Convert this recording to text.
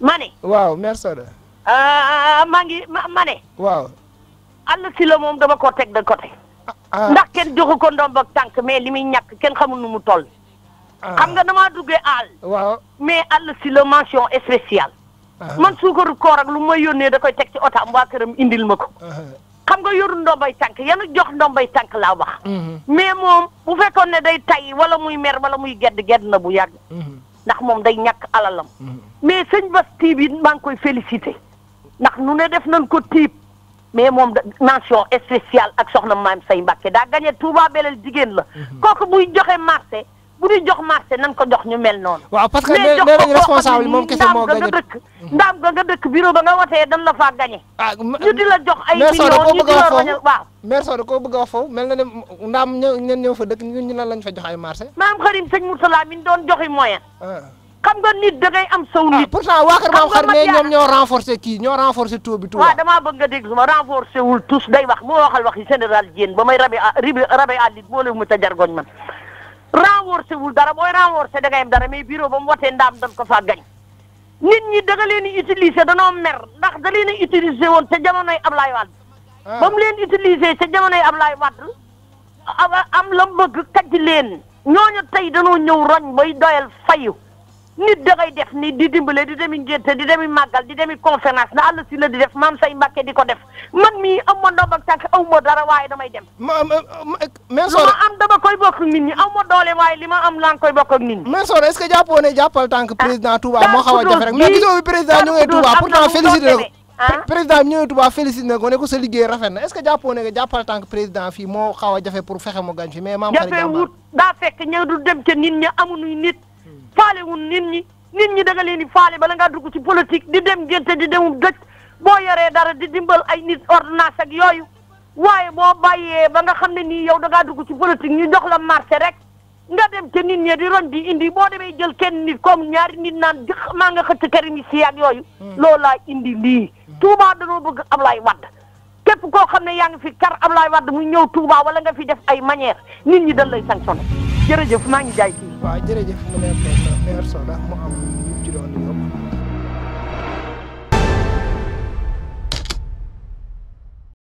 ma ne. waaw mère Soda. Ah, ah, maa ngi ma ma ne. waaw. àll si la moom dama ko teg de côté. Ah, ndax kenn joxu ko ndomb ak mais li muy ñàkk kenn xamul nu mu toll. xam nga damaa duggee àll. waaw mais àll si la mention spéciale. man suukaru koor ak lu ma yónnee da koy teg ci otaam waa këram indil ma ko. xam nga yoru ndombay tànk yanu jox ndombay tànk laa wax. Mm-hmm. mais moom bu fekkoon ne day tay wala muy mer wala muy gedd gedd na bu yàgg. Mm-hmm. ndax moom day ñàkk alalam. Mm-hmm. mais sëñ Bass Tiib it maa koy félicité ndax nu ne def nañ ko tiib mais moom mention spéciale ak soxna maam say Mbàkke daa gagné Touba Belel jigéen la. Mhm. kooku buy joxe marché bu di jox marché nañ ko jox ñu mel noon waaw parce que nee nañ responsable moom kese moo gagné ga dëkk bureau ba nga watee dan la faa gagné. ah la jox ay. millions ñu di la rañal waaw. maire Sow da koo a wax foofu mel na ne ndaam ñoo fa dëkk ñun ñu lan lañ fa jox ay marché. maam xarim sëñ Moussa min doon joxi moyen. Ah. xam nga nit dangay am saw nit. Ah, pourtant waa kër maam xar mais ñoom ñoo renforcer kii ñoo renforcer taux bi. waaw damaa bëgg nga dégg su ma renforcer wul tous day wax moo waxal wax yi général Diène ba may rabe ah, rabe àllit moo leen mu ta jargoñ man. renforcer wul dara booy renforcer dangay am dara mais bureau ba mu watee ndaam dañ ko faa gañ. nit ñi danga leen di utiliser danoo mer ndax da leen a utiliser woon ca jamonoy Ablaye Wade. Ah. ba mu leen utiliser ca jamonoy Ablaye Wade am la bëgg kàjj leen ñooñu tey danoo ñëw roñ bay doyal fayu. nit da def ni di dimbale di demi ngénte di demi màggal di demi conférence na àll si di def maam say mbàkke di ko def man mii aw ma dara waaye damay dem. ma mais Soore am waaye li ma am laa ngi koy bokk nit ñi. Soore est-ce que jàppoo ne jàppal tànk président ah, moo xaw a jafe rek mais gisoo bi président ñu ngay Touba pourtant félicité ko président bi ñëwee Touba félicité na ko ne ko sa liggéey rafet na est-ce que jàppoo ne nga jàppal tànk président moo xaw jafe pour fexe mu gañ fi mais maam xarit jàppee wut du dem ca nit faale wun nit ñi nit ñi da nga leen di faale bala ngaa dugg ci politique di dem ngénte di demum dëj boo yoree dara di dimbal ay nit ordonnance yooyu waaye boo bàyyee ba nga xam ne nii yow da ngaa dugg ci politique ñu jox la marché rek nga dem ca nit ñi di ron di indi boo demee jël kenn nit comme ñaari nit naan di maa nga xëcc këriñ si ak yooyu. Hmm. loolu laa indi lii. Hmm. Touba dañoo bëgg Ablaye Wade képp koo xam ne yaa ngi fi kar Ablaye Wade mu ñëw Touba wala nga fi def ay manière nit ñi dañ lay sanctionné ngi waaw jërëjëf mu nekk maire Soda mu am lu ci doon yokk